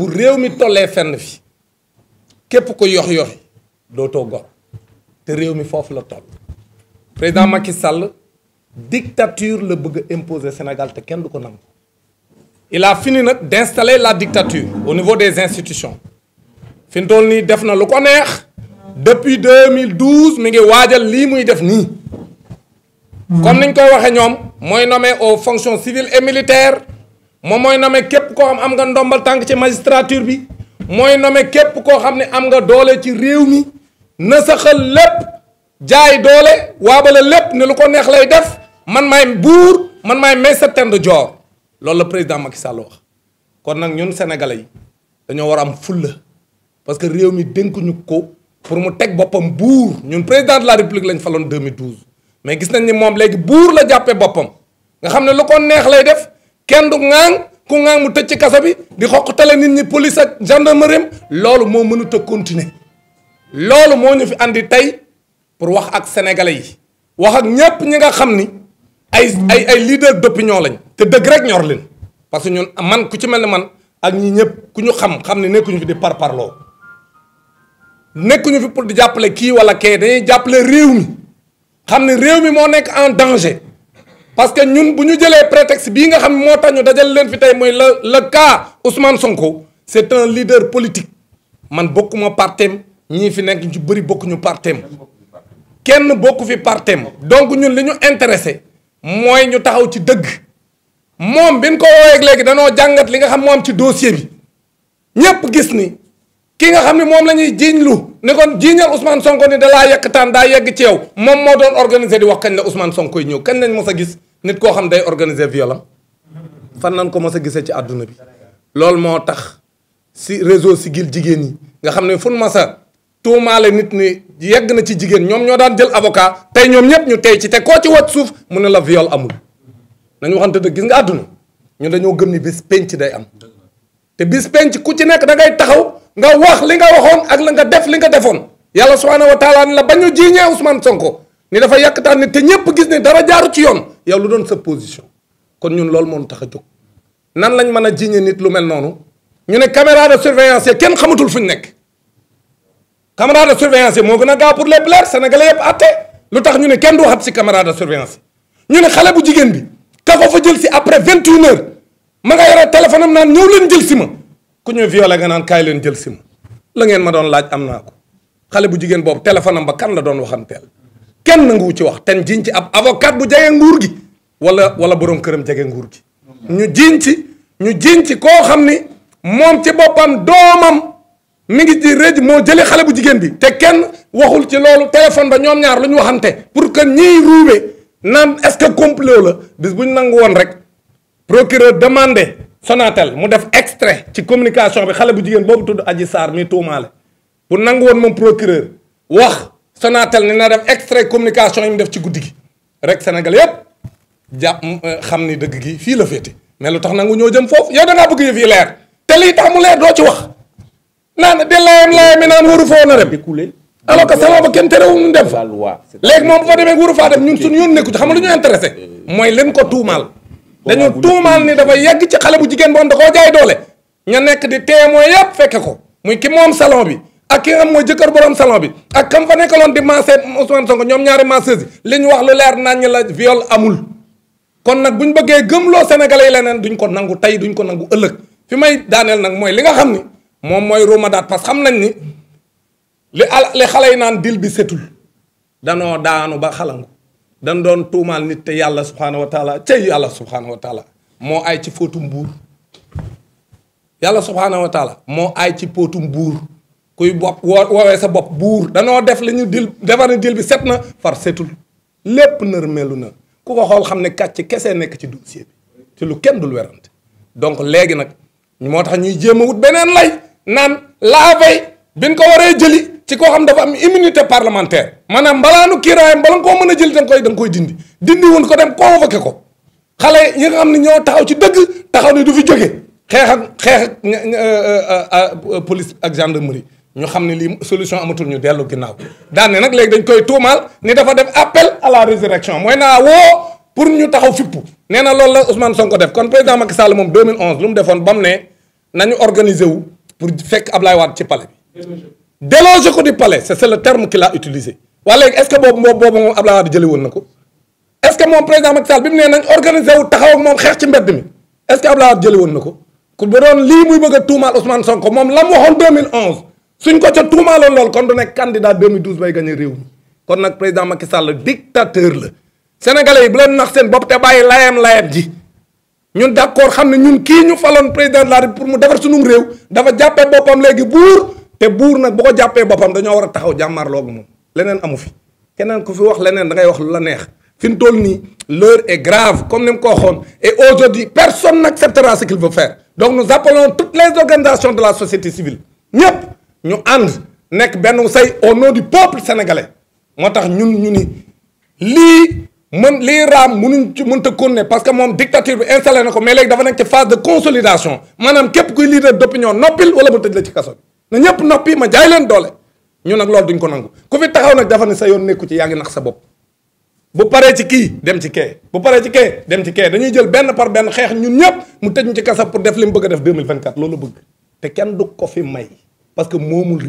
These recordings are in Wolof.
bu réew mi tollee fenn fi képp ko yox yoxi dootoo gor te réew mi foofu la toll président Macky Sall dictature la bëgg a imposer Sénégal te kenn du ko nangu il a fini nag d'installer la dictature au niveau des institutions fi mu nii def na lu ko neex depuis 2012 mi ngi waajal lii muy def nii comme niñ koy waxe ñoom mooy nommé aux fonctions civiles et militaires moom mooy nommé képp koo xam am nga ndombal tànk ci magistrature bi mooy nommé képp koo xam ne am nga doole ci réew mi na saxal lépp jaay doole waabale lépp ne lu ko neex lay def man maay buur man maay Maître Tend Dior loolu la président Macky Sall wax kon nag ñun sénégalais yi dañoo war am fulla parce que réew mi dénkuñu ko pour mu teg boppam buur ñun président de la république lañ faloon 2012 mais gis nañ ni moom léegi buur la jàppee boppam nga xam ne lu ko neex lay def kenn du ŋaang ku ŋaang mu tëj ci kasa bi di xoqtale nit ñi police ak gendarmerie loolu moo mënut a continuer loolu moo ñu fi andi tey pour wax ak sénégalais yi wax ak ñépp ñi nga xam ni ay ay ay leader d'opinion lañ te dëgg rek ñor leen parce que ñun man ku ci mel ni man ak ñi ñëpp ku ñu xam xam ne nekkuñu fi di parparloo nekkuñu fi pour di jàppale kii wala kee dañuy jàppale réew mi xam ne réew mi moo nekk en danger parce que ñun bu ñu jëlee prétexte bi nga xam moo tax ñu dajal leen fi tey mooy la le cas Ousmane Sonko c'est un leader politique man bokkuma partem ñii fi nekk ñu bëri bokkuñu partem kenn bokku fi partem donc ñun li ñu intéressé mooy ñu taxaw ci dëgg moom bi ñu ko woowee léegi danoo jàngat li nga xam moo am ci dossier bi ñépp gis ni ki nga xam ne moom la ñuy jiiñ lu ne kon jiiñal Ousmane Sonko ni dalaa yekk taan daa yegg ci yow moom moo doon organiser di wax kañ la Ousmane Sonko yi ñëw kañ lañ mos a gis nit koo xam day organiser violam fan lañ ko mos a gisee ci àdduna bi loolu moo tax si réseau Siggil jigéen ñi nga xam ne fun masa tuumaale nit ni yegg na ci jigéen ñoom ñoo daan jël avocat tey ñoom ñëpp ñu tey ci te koo ci wat suuf mu ne la viol amul nañu waxante dëgg gis nga àdduna ñu dañoo gën ni bis penc day am te bis penc ku ci nekk da ngay taxaw nga wax li nga waxoon ak la nga def li nga defoon yàlla subhaanahu wa taala ni la ba ñu jiiñee Ousmane Sonko ni dafa yàkk ni te ñépp gis ni dara jaaru ci yoon yow lu doon sa position kon ñun loolu moom tax a jóg nan lañ mën a jiiñe nit lu mel noonu ñu ne caméra de kenn xamatul fu ñu nekk caméra de surveillance yi moo gën a gaaw pour les blaires sénégalais yëpp àtte lu tax ñu ne kenn du waxat si caméra de surveillance ñu ne xale bu jigéen bi ka ko jël si après vingt une ma nga téléphone naan ñëw leen jël si ma ku ñu violé nga naan kaay leen jël si ma la ngeen ma doon laaj am naa ko xale bu jigéen boobu téléphone am ba kan la doon waxanteel kenn nanguwu ci wax ten jiñ ci ab avocat bu jege nguur gi wala wala borom këram jege nguur gi ñu jiñ ci ñu jiñ ci koo xam ni moom ci boppam doomam mu ngi ji réj moo jëlee xale bu jigéen bi te kenn waxul ci loolu téléphone ba ñoom ñaar lu ñu waxante pour que ñiy ruube naan est-ce que complot la bis bu ñu nangu woon rek procureur demandé Sonatel mu def extrait ci communication bi xale bu jigéen boobu tudd Adji saar mi tuumaale bu nangu woon moom procureur wax Sonatel ni na def extrait communication yi mu def ci guddi gi rek Sénégal yépp jàpp euh, xam ni dëgg gi fii la féete mais lu tax nangu ñoo jëm foofu yow da ngaa bëgg yëf leer te lii tax mu leer doo ci wax naan de layam layam mi naan waru foo na dem alors que sama ba kenn terewul ñu dem fa moom bu fa demee waru faa dem ñun suñu yoon nekku lu ñu intéressé euh. mooy leen ko tuumaal dañu tuumaal ni dafa yegg ci xale bu jigéen boo xam da koo jaay doole ña nekk di témoin ki moom salon bi ak ki nga xam mooy jëkkër borom salon bi ak kam fa nekkaloon di maase Ousmane Sonko ñoom ñaari masseuse yi li ñu wax lu leer nañ la viol amul kon nag bu ñu bëggee gëmloo sénégalais yi leneen duñ ko nangu tey duñ ko nangu ëllëg fi may daaneel nag mooy li nga xam ni moom mooy romadaat parce que xam nañ ni li xale yi naan dil bi setul danoo daanu ba xalangu dañ doon tuumaal nit te yàlla subhaanahu wa taala cay yàlla subhaanahu wa taala moo aay ci fóotum buur yàlla subhaanahu wa taala moo aay ci póotum buur kuy bopp woo woowee sa bopp buur danoo def li ñu dil defar ne dil bi set na far setul lépp nër melu na ku ko xool xam ne kàcc kese nekk ci dossier bi te lu kenn dul werante donc léegi nag moo tax ñuy jéem a wut beneen lay naan laa bay bi ñu ko waree jëli ci koo xam dafa am immunité parlementaire maanaam mbalaanu kiiraayam bala nga koo mën a jël da nga koy koy dindi dindi woon ko dem convoqué ko xale yi nga xam ne ñoo taxaw ci dëgg taxaw ne du fi jóge xeex ak xeex ak euh, euh, euh, police ak gendarmerie ñu xam ne lii solution amatul ñu dellu ginnaaw daan nag léegi dañ koy tuumaal ni dafa def appel à la résurrection mooy naa woo pour ñu taxaw fippu nee na loolu la Ousmane Sonko def kon président Macky Sall moom 2011 lu mu defoon ba mu ne nañu organiser wu pour fekk Ablaye Wade ci palais déloger ko du palais c' est le terme qu'il a utilisé waa léegi est ce que boobu moom Abdoulaye Wade jëlee woon na ko est ce que moom président Macky Sall bi mu nee nañ organisé wu taxaw ak moom xeex ci mbedd mi est ce que Abdoulaye Wade jëlee woon na ko ku ba doon lii muy bëgg a tuumaal Ousmane Sonko moom la mu waxoon 2011 suñ ko ca tuumaaloon lool kon du nekk candidat 2012 bay gagné réew mi kon nag président Macky Sall dictateur la sénégalais xam ne ñun kii ñu faloon président de la pour mu defar sunum réew dafa jàppee boppam léegi buur. te buur nag bu ko jàppee boppam dañoo war a taxaw jàmmaarloo moom leneen amu fi keneen ku fi wax leneen da ngay wax lu la neex fi mu toll nii l'heure est grave comme ni mu ko waxoon et aujourd'hui personne n'acceptera ce qu'il veut faire donc nous appelons toutes les organisations de la société civile ñëpp ñu ànd nekk benn say au nom du peuple sénégalais moo tax ñun ñu ni lii mën lii raam munuñ ci mënta continuer parce que moom dictature bi installé na ko mais léegi dafa nekk ci phase de consolidation maanaam wala mu tëj ci kaso bi na ñëpp noppi ma jaay leen doole ñu nag loolu duñ ko nangu ku fi taxaw nag dafa ne sa yoon nekku ci yaa ngi nax sa bopp bu paree ci kii dem ci kee bu paree ci kee dem ci kee dañuy jël benn par xeex ñun ñëpp mu tëj ñu ci pour def li mu bëgg a def 2024 loolu bëgg te kenn du ko fi may parce que moomul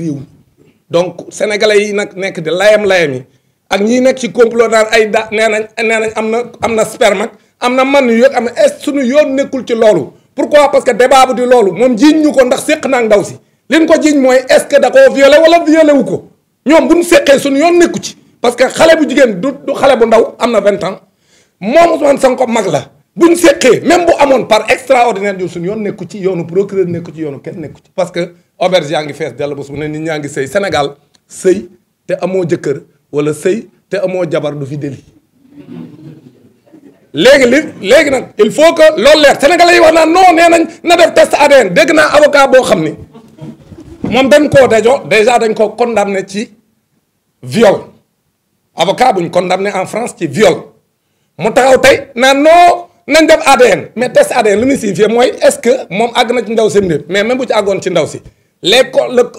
donc sénégalais yi nag nekk di layam layam yi ak ñi nekk ci complot naan ay da nee nañ nee nañ am na am na sperme am na man yu am na yoon nekkul ci loolu pourquoi parce que débat bu di loolu moom jiiñ ñu ko ndax séq naa ndaw si liñ ko jiñ mooy est-ce que da koo violé wala violé wu ko ñoom bu ñu seqee suñ yoon nekku ci parce que xale bu jigéen du xale bu ndaw am na vingt ans moom Ousmane Sonko mag la bu ñu seqee même bu amoon par extraordinaire ñun suñu yoon nekku ci yoonu procureur nekku ci yoonu kenn nekku ci. parce que auberge yaa ngi fees dell bés bu ne nit ñaa ngi sëy Sénégal sëy te amoo jëkkër wala sëy te amoo jabar du fi déli léegi léegi nag il faut que lool leer sénégalais yi wax naa non nee nañ na def test dégg naa avocat boo xam ni. moom dañ koo dajo déjà dañ ko condamné ci viol avocat buñ condamné en France ci viol mu taxaw tey naan non nañ def ADN mais test ADN lu muy signifié mooy est-ce que moom àgg na ci ndaw si mais même bu ci àggoon ci ndaw si les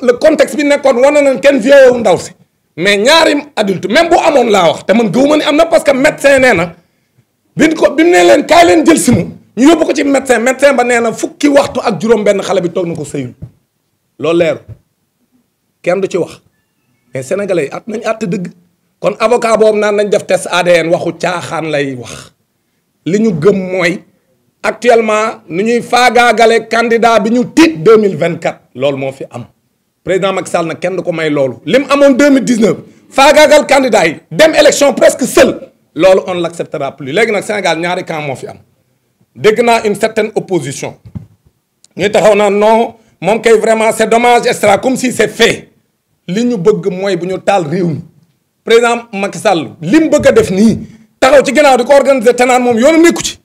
le contexte bi nekkoon wane nañ kenn violé wu ndaw si mais ñaari adulte même bu amoon laa wax te man gëwuma ni am na parce que médecin nee na biñ ko bi nee leen kaay leen jël si mu ñu yóbbu ko ci médecin médecin ba nee na fukki waxtu ak juróom benn xale bi toog na ko sëyul loolu leeru kenn du ci wax mais sénégalais yi at nañ àtt dëgg kon avocat boobu naan nañ def test ADN waxu caaxaan lay wax li ñu gëm mooy actuellement nu ñuy faagaagale candidat bi ñu tiit 2024 loolu moo fi am président Macky Sall kenn du ko may loolu li mu amoon 2019 faagaagal candidat yi dem élection presque seul loolu on l'acceptera plus léegi nag Sénégal ñaari camp moo fi am dégg naa une certaine opposition ñuy taxaw naa non moom kay vraiment c'est dommage et cetera comme si c'est fait li ñu bëgg mooy bu ñu taal réew mi président Macky Sall li mu bëgg a def nii taxaw ci ganaar di ko organiser te naan moom yoonu nekku ci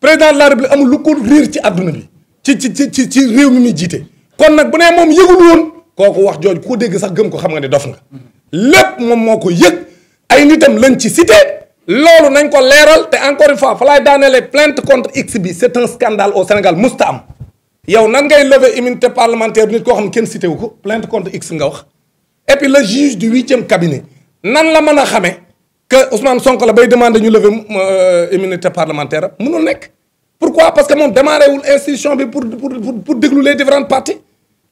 président laar la République amul lu ko riir ci àdduna bi ci ci ci ci réew mi muy jiite. kon nag bu nee moom yëgul woon kooku wax jooju ko dégg sax gëm ko xam nga ne dof nga lépp moom moo ko yëg ay nitam lañ ci cité. loolu nañ ko leeral te encore une fois fa laay daanelee plainte contre X bi c'est un au Sénégal musta am yow nan ngay lever immunité parlementaire nit koo xam kenn cité wu ko plainte contre x nga wax et puis le juge du huitième cabinet nan la mën a xamee que Ousmane Sonko la bay demande ñu lever euh, immunité parlementaire am mënul nekk. pourquoi parce que moom démarré wul institution bi pour pour pour déglu les différentes parties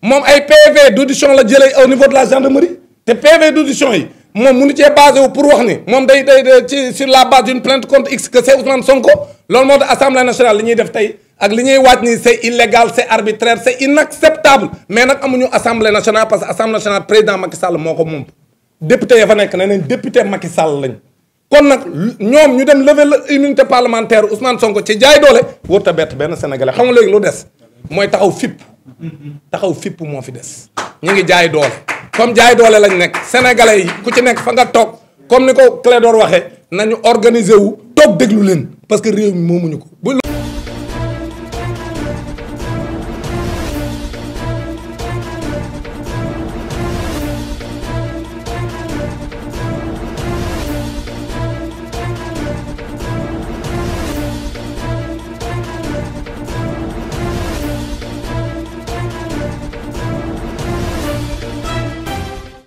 moom ay PV d' la jëlee au niveau de la gendarmerie te PV d' audition yi. moom nu cee basé pour wax ni moom day day ci sur la base d'une plainte contre X que c'est Ousmane Sonko loolu moo tax assemblée nationale li ñuy def tey ak li ñuy waaj nii c'est illégal c'est arbitraire c'est inacceptable mais nag amuñu assemblée nationale parce que assemblée nationale président Macky Sall moo ko moom député ya fa nekk ne nañ député Macky Sall lañ kon nag ñoom ñu dem lever l'immunité parlementaire Ousmane Sonko ci jaay doole wërta bett benn sénégalais xam nga léegi lu des mooy taxaw fipp taxaw fipp moo fi des ñu ngi jaay doole comme jaay doole lañ nekk sénégalais yi ku ci nekk fa nga toog comme ni ko Clédor waxee nañu organiser wu toog déglu leen parce que réew mi moomuñu ko.